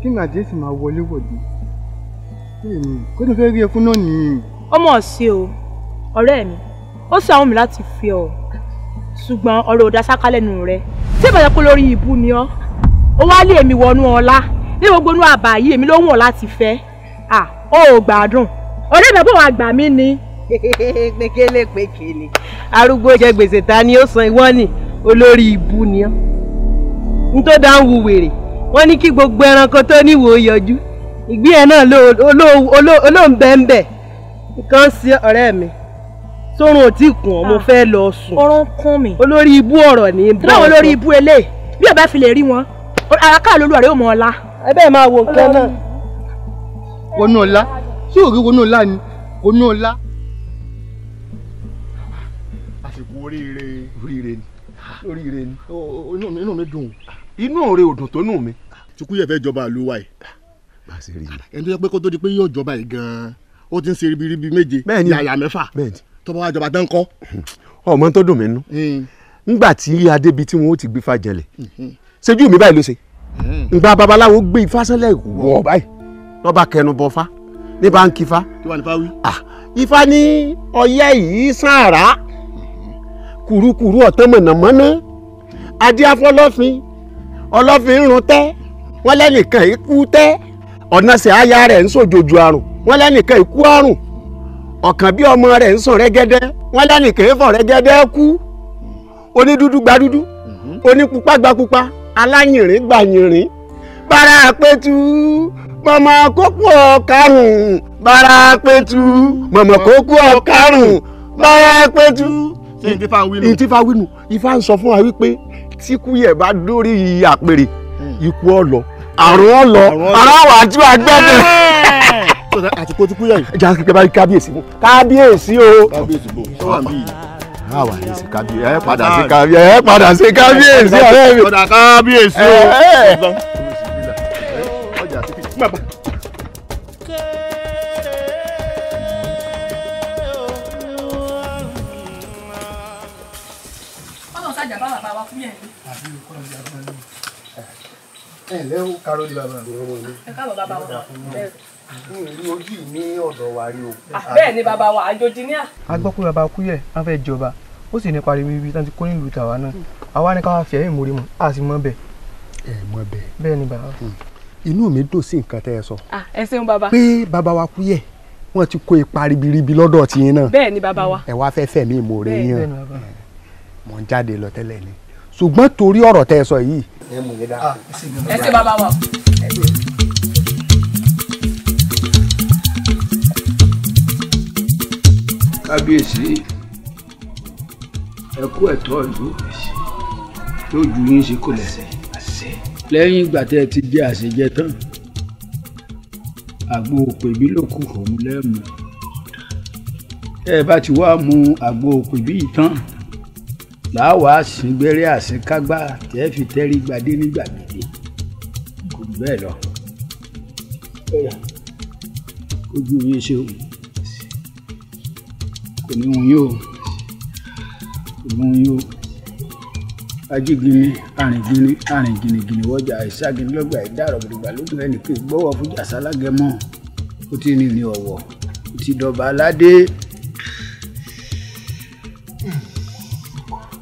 kí màdé sì máa wọlé wọ̀dé èmi kó tó fẹ́ rí ẹkún náà nìyí. ọmọ ọ̀sẹ̀ o ọ̀rẹ́ mi ó sì àwọn mi láti fi ọ ṣùgbọ́n ọ̀rọ̀ ò dá sáká lẹ́nu rẹ tí ìbàjẹ́ pé lórí ìbú ni ọ́ ó wá lé èmi wọnú ọlá ní gbogbo inú àbá yìí èmi ló ń wọ̀ láti fẹ́ à ó ò ọ̀rẹ́ mi bò wá gbà mí ni. pékélé pékélé arúgbó jẹ gbèsè ta ni ó san ìwọ olórí ibu ni ọ́ n tó dá ń wu wèrè wọ́n ní kí gbogbo ẹranko tó níwò yọjú ìgbín ẹ̀ náà olóńbẹ́ńbẹ́ nǹkan sí ọ̀rẹ́ mi sórun ò tí kùn ọ́ mo ah, fẹ́ lọ sùn ọ̀rọ̀ ń kún mi olórí ibu ọ̀rọ̀ ní bọ́ọ̀ tíráwọn olórí ibu eléyìí bí o bá fi lè rí wọn àràkà lólu àrẹ ò mọ ọlá. ẹ bẹ́ẹ̀ máa wo nǹkan náà. wọnú ọlá ṣé òrí wọnú ọlá ni wọnú ọlá. oríire. oríire ni oríire ni inú mi dùn. inú ọ̀rẹ́ ò dùn tó nù mi. tukuyẹ fẹ́ jọba ìlú wa yìí. bá a ṣe rí i. ẹni tó yẹ pé kó tó di pé yóò jọba yìí gan-an ó ti ń ṣe ribiribi méje. bẹ́ẹ̀ni yàyà mẹ́fà tó bá wá jọba tán kọ́. ọmọ tó dùn mí nú. ngbà tí adébi tí wọn ó ti gbé fa jẹlẹ mi báyìí ló ṣe. ngbà babaláwo gbé ifá sẹ́lẹ̀ wọ̀ báyìí lọ́ba kẹnu bọ fa ní bá ń kí fa. kí wàá ní fa wí. Ah, ifá ní ọyẹ́ yìí sàn rà. kùrukùru ọ̀tán mọ̀nàmọ́ná adíáfọ́ lọ́fin ọlọ́fin ń tẹ́ wọ́n lẹ́nìkan ikú tẹ́ ọ̀nà sẹ̀ aya rẹ̀ ń sòjòjò àrùn wọ́n lẹ́nìkan ikú àrùn ọ̀kàn bí ọmọ rẹ̀ ń sùn rẹ́gẹ́dẹ́ wọ́n lẹ́nìkan ìfọ̀ rẹ́gẹ́dẹ́ kú gba dúdú mhm. ṣé ìtìfà wínú. ìtìfà wínú Ifá ń sọ fún wa wípé tíkú yẹ bá dórí iye àpèrè hmm. ikú ọlọ àrùn ọlọ aráwọ àti àgbẹdẹ. àti kó tíkú yẹ yìí. ìjà kíkẹ́ bá kábíyèsí fún kábíyèsí o. kábíyèsí bò sọ́wọ́n bí yìí àwa ní sí kábíyèsí ẹ padà sí kábíyèsí ẹ padà sí kábíyèsí ọ̀rẹ́ mi. padà kábíyèsí o. ọjà tí kì í. àjà bá bàbá wa kúrò ẹ̀mí. àbí kọ́ ọ̀jà bá mi. ẹ ǹlẹ́ o káró ní bàbá mi. ẹ káàbọ̀ bàbá wa mi ò rí ojú ní ọ̀dọ̀ wa rí o. bẹ́ẹ̀ ni bàbá wa àjòjì ní à. a gbọ́ pé bàbá Kúyẹ̀ á fẹ́ jọba ó sì ní pariwo ibi tá ti kó nílùú tàwa náà àwa ni káwa fi ẹ̀yìn mórí mu a sì mọ bẹ́ẹ̀. ẹ mọ bẹ́ẹ̀. bẹ́ẹ̀ ni bàbá. inú mi dùn sí nǹkan tẹ́ ẹ sọ. ẹ ṣeun bàbá. pé bàbá wa Kúyẹ̀ wọ́n ti kó ipa ribiribi lọ́dọ̀ tiyín náà. bẹ́ẹ̀ ni bàbá wa. ẹ wá fẹ́ fẹ̀mí ìmoore yín mò ń jáde lọ tẹ́lẹ̀ ni ṣùgbọ́n torí ọ̀rọ̀ tẹ́ ẹ sọ yìí. ẹ ah, ṣe bàbá wa. kábíyèsí ẹ kú ẹ̀tọ́ ìlú yóò ju yín sí kò lẹ́sẹ̀ lẹ́yìn ìgbà tẹ́ ẹ ti jẹ́ àṣejẹ tán àgbo òpèbí ló kù òun lẹ́mu ẹ bá ti wá mu àgbo òpèbí yìí tán bá wàá sìngbéré àsìnkágbá tẹ́ fi tẹ́rí gbadé nígbà gbèdé kò jù bẹ́ẹ̀ lọ ojú yìí ṣe o kò ní hun yóò kò ní hun yóò ajígini arìngini arìnginigini wọjà ìságini lọgbà ìdárọ gbẹdùgbà lókun ẹnì pé gbọwọ fújà sálágẹmọ ó ti rìnrìn ọwọ ó ti dọba aládé.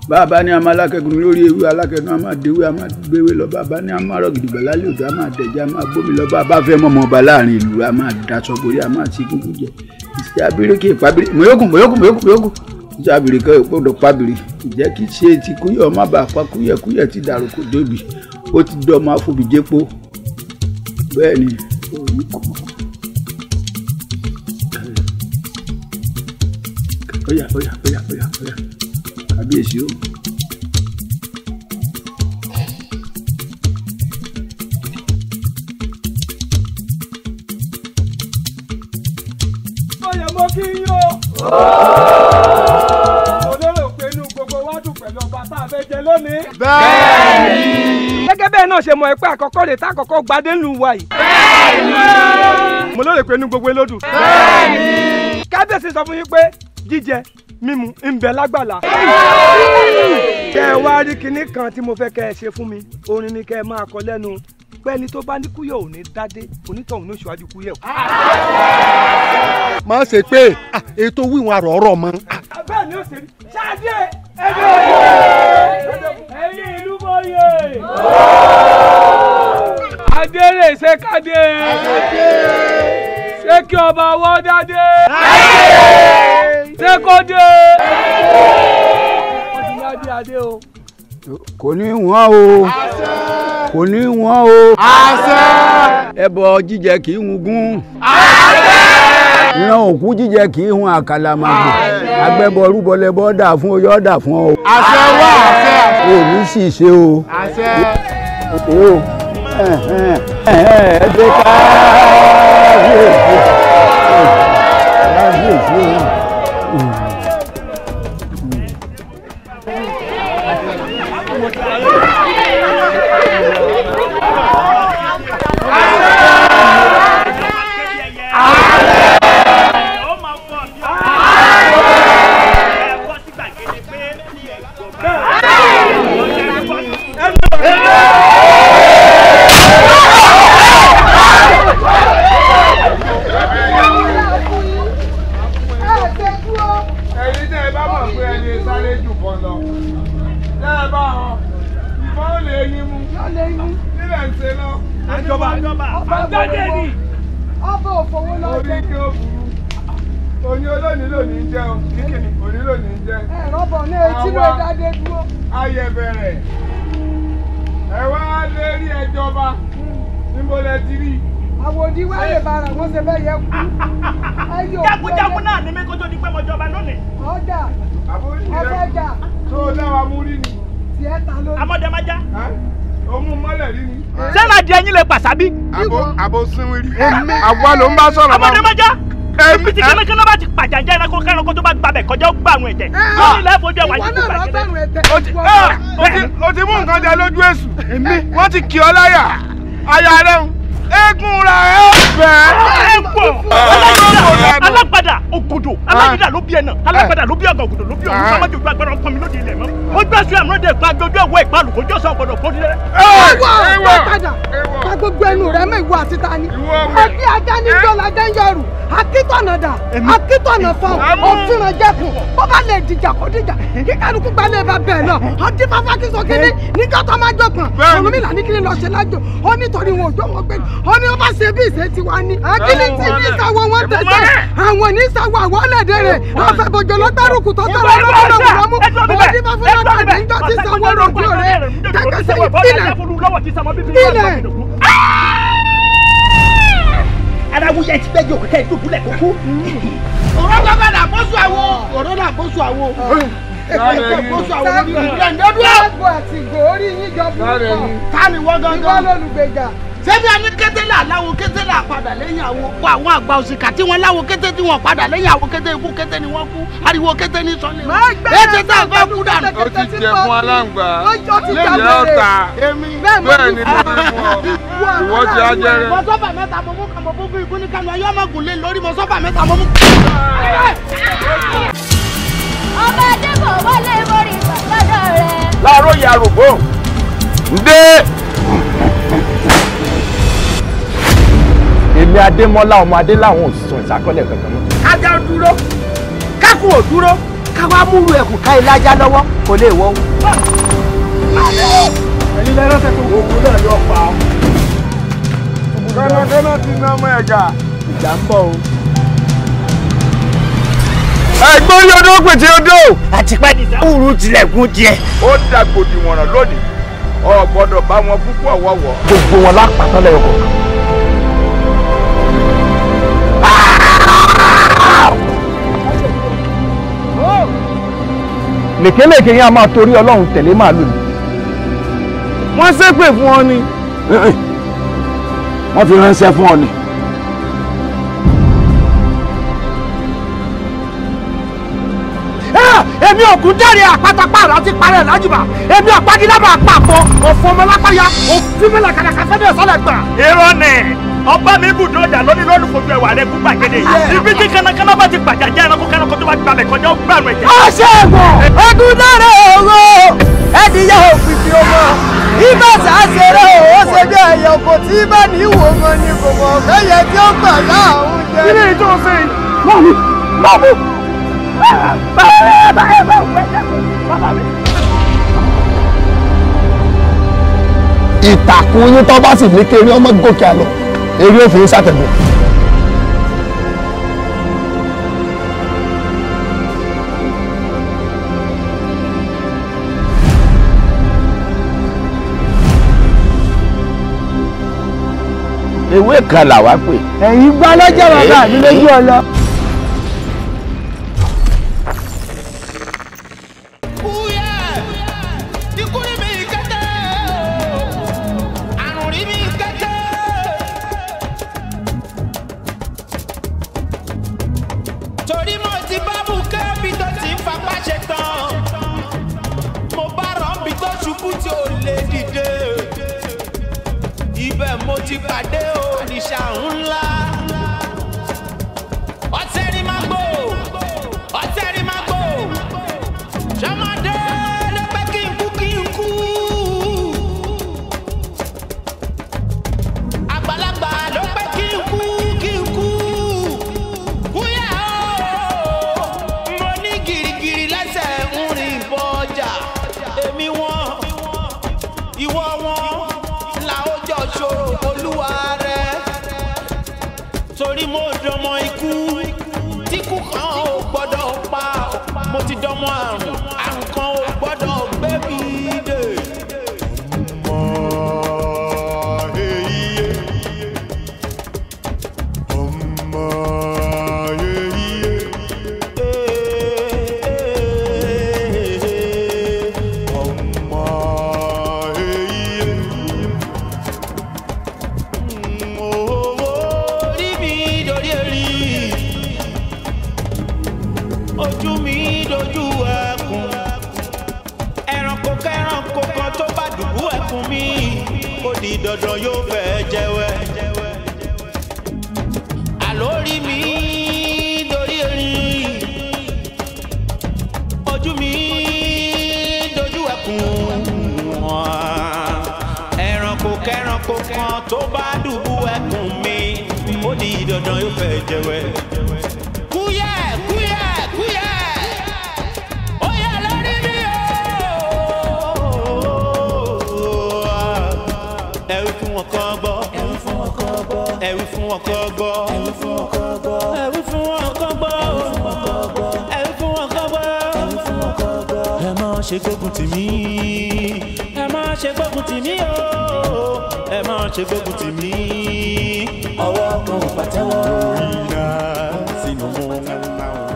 bàbá ni a máa lákẹ́gun lórí ewé alákẹ́gun a máa déwé a máa gbéwé lọ bàbá ni a máa rọ gidigba lálẹ́ òjò a máa dẹ̀jẹ̀ a máa gbómi lọ bàbá fẹ́ mọ̀mọ́ ọba láàrin ìlú a máa daṣọ borí a máa ti kúkú jẹ ìṣe abiriki ìpabiri mọ̀yókùn mọ̀yókùn mọ̀yókùn mọ̀yókùn ìṣe abiriki kan ìpọ́dọ̀ pabiri ìjẹ́ kí ṣe ti kúyẹ̀ ọmọ bá fa kúyẹ̀ kúyẹ̀ ti dàrú kó débi ó ti dọ́ ọmọ afọbìjẹ́pó bẹ́ẹ̀ Oya, oya, oya, oya, oya kábíyèsí o. ọyẹ mo kí n yọ. mo lérò pé inú gbogbo wa dùn pẹ̀lú ọba tá a fẹ́ jẹ lónìí. bẹ́ẹ̀ni. gẹ́gẹ́ bẹ́ẹ̀ náà ṣe mọ̀ pé àkọ́kọ́ rẹ̀ tá àkọ́kọ́ gbadé ń lù wá yìí. bẹ́ẹ̀ni. mo lérò pé inú gbogbo elódùn. bẹ́ẹ̀ni. kábíyèsí sọ fún yín pé jíjẹ mímu ń bẹ lágbàlá. kẹ ẹ wá rí kinní kan tí mo fẹ́ kẹ ẹ ṣe fún mi orin ni kẹ ẹ máa kọ lẹ́nu pẹ́ni tó bá ní kúyọ̀ ò ní dádé onítọ̀hún ní oṣùwájú kúyọ̀. má ṣe pé ètò wíwọn àrò ọ̀rọ̀ mọ́. bẹ́ẹ̀ ni ó ṣe ṣáájú ẹgbẹ́ ẹ̀yìn ìlú mọ́yè. adéré ṣe kádé ṣé kí ọba wọ́n dádé ṣé kò dé. wọ́n ti yá bí adé o. kò ní wọ́n o kò ní wọ́n o. àṣẹ. ẹbọ jíjẹ kì í wugún. àṣẹ. ìran òkú jíjẹ kì í hun àkàlàmàgbò. agbẹ́bọ rúbọlẹ́bọ dà fún oyọ́ dà fún ọ. àṣẹ wá àṣẹ. o ò ní sì ṣe o. àṣẹ. o ẹ ẹ ẹ ẹ dé ká. Yeah, yeah. Ooh. ṣe lọ. àjọba àjọba àgbàdé ni. ọba òfowó lọ jẹ. orí kí ó burú oní olónìí lónìí jẹ o kíkìnì òní lónìí jẹ. ẹ rọ́bọ̀ ní etí ló dáadé dúró. ayẹ bẹ̀rẹ̀ ẹ wá lé rí ẹjọba níbo lẹ ni mẹ́kọ́jọ́ ní pẹ́ mọ́jọba lónìí. amọ̀dé má já òun mọ́lẹ̀ rí ni. sẹ́ra di ẹyin lè pàṣábí. àbò àbò sinwi rí. àwa ń bá sọ̀rọ̀ báwọn. àbọ̀dẹ́mọ́já èmi ti kẹ́lẹ́ kẹ́lẹ́ bá ti pàjájá ẹranko kẹ́ranko tó bá gbabẹ̀ kọjá ó gbà àwọn ẹ̀jẹ̀ lórí ilẹ̀ fojú ẹwà yìí kó bàjẹ́ lẹ. o ti mú nǹkan jẹ lójú èṣù wọ́n ti kì ọ́ láyà aya rẹ̀ eégún ra ẹ bẹ́ẹ̀. ẹ̀pọ̀ alágbádá ògòdò ah. alágbádá ló bí ẹ̀nà alágbádá ló bí ọ̀gá ògòdò ló bí ọ̀gá ah. sámájú ìgbà agbára ọkọ mi lóde ilẹ̀ mọ́. ó gbà sí àmúlò dé pa gbogbo ẹ̀wọ̀ ìpalù kò jọ́sọ̀ ọ̀gbọ̀dọ̀ kó di rẹ. ẹwọ ẹwọ padà ká gbogbo ẹnu rẹ mọ ìwọ àti ta ni ẹbí ajá ní eh? jọlajẹ ń yọrù akítọ̀nà dà akítọ̀nà fọ òfìràn jẹkùn bó bá lè dìjà kó dìjà kí kálukú gba lè ba bẹ́ẹ̀ náà eh? ọdí fáfá kí sọ kéde eh? níjọ́ tó má jọ pọ̀ ọ̀rùn mi là ní kí ni lọ́ọ́ ṣe lájò ó ní ó bá ṣe bí ìṣe tiwa ni àkíní tí ní ìsàwọ̀ wọn tẹ̀sẹ̀ àwọn ní ìsàwọ̀ àwọn ọ̀lẹ́dẹ̀ rẹ̀ àfẹ̀bọ̀jọ̀ lọ́tàrúkú tó tẹ̀lé lọ́wọ́ lọ́mú òdì máa fún lọ́tà ní tí sanwó rògbò rẹ̀ jẹ́kẹ̀sẹ̀ ìpìlẹ̀ arawuyẹ ti bẹ jẹ òkúta kókó. ọ̀rọ̀ bàbá là bọ́sù àwo. ọ̀rọ̀ là bọ́sù àwo sáàrẹ̀ yìí sáàrẹ̀ yìí. ta ni wọ́n gangan. ìwọ lọ́lùgbèjà ṣebí àní kété là láwo padà lẹ́yìn àwọn kó àwọn àgbà òṣìkà tí wọ́n láwo kété tí wọ́n padà lẹ́yìn àwọn kété ikú kété ni wọ́n kú ariwo kété ní sọ́lé wọn. ètò tá a fẹ́ kú dànù. o ti jẹ fún aláǹgbá lẹ́yìn ọ̀tá bẹ́ẹ̀ ni mo rí fún ọ ti ajẹrẹ. mo sọ́fà mẹ́ta mo mú kàn mo ikú ní kánú ayé ọmọkùn lé lórí mo sọ́fà mẹ́ta mo mú. ọba adébọ̀ wọlé èmi adémọ́lá ọmọ adé làwọn ò sùn ìsákọ́lẹ̀ kankan mọ́. kájà dúró kákùn ò dúró káwá múru ẹ̀kùn ká ilé ajá lọ́wọ́ kò lè wọ́. ẹ̀yin lẹ́rọ̀ tẹ̀sán òògùn náà yọ pa ọ́. kọ́nàkọ́nà ti ná ọmọ ẹ̀gà. ìjà ń bọ̀ o. ẹ̀gbọ́n yọdọ̀ pètè odò. àtìpá ni sáwùrù tilẹ̀kùn tiẹ̀. ó dàgbòdì wọ̀nà lónìí ọ̀gbọ́dọ̀ bá wọn púpọ̀ wọ̀wọ̀. gbogbo wọn lápá tán lẹ́yọ̀kọ̀ọ̀kan. lèkélèké yẹn a máa torí ọlọ́run tẹ̀lé màálù ni. wọ́n ṣépè fún ọ ni. wọ́n fi ránṣẹ́ fún ọ ni. Ah! èmi òkú dẹ́rẹ̀ àpátápàrọ̀ àti parẹ́ lájùbà èmi ọ̀págilábà àpapọ̀ òfò ọmọlápáyà òfin mẹ́lẹ̀ kàdàkà sẹ́dẹ̀ sọ́lẹ̀ gbà. èrò nẹ̀ ọba mi bùdó ọjà lónìí lọ́dún fojú ẹwà rẹ kú gbàgede ibi tí kánákáná bá ti gbàjàjà ẹranko kánákó tó bá gba bẹ̀ kọjá ó gbànú ẹ̀jẹ̀. ọ̀ṣẹ̀gun ogun lọ́rẹ̀ owó ẹ̀dìyẹ òfìfì ọmọ ibà sàṣẹrẹ òwò ṣe bí ẹ̀yọ̀ kò tí bá ní ìwò wọn ni kò mọ̀ fẹ́yẹ tí ó gbà láàrún jẹ. ilé ìjọ ṣe mọ̀mú mọ̀mú bàbá mi. ìtàkùn yín tó bá sì ní kéré ọmọ gòkè àlọ́ eré òfin sátẹ̀gùn. ewé kan làwa pè. ẹ̀yin gbọ́ lọ́jọ́ bàbá mi lójú ọlọ. fẹ́ jẹwẹ́. kúyẹ kúyẹ kúyẹ ó mi o. ẹ̀rù fún wọn kọ́ gbọ́. ẹ̀rù fún wọn kọ́ gbọ́. ẹ̀rù fún wọn kọ́ gbọ́. ẹ̀rù fún wọn kọ́ gbọ́. ẹ̀rù fún ẹ má ṣe gbógun tì mí ṣe gbógun tì mí o ẹ má ṣe gbógun tì mí. ọwọ́ kan ò pàtẹ́wọ́. ìlà sínú mọ́ ń náwó.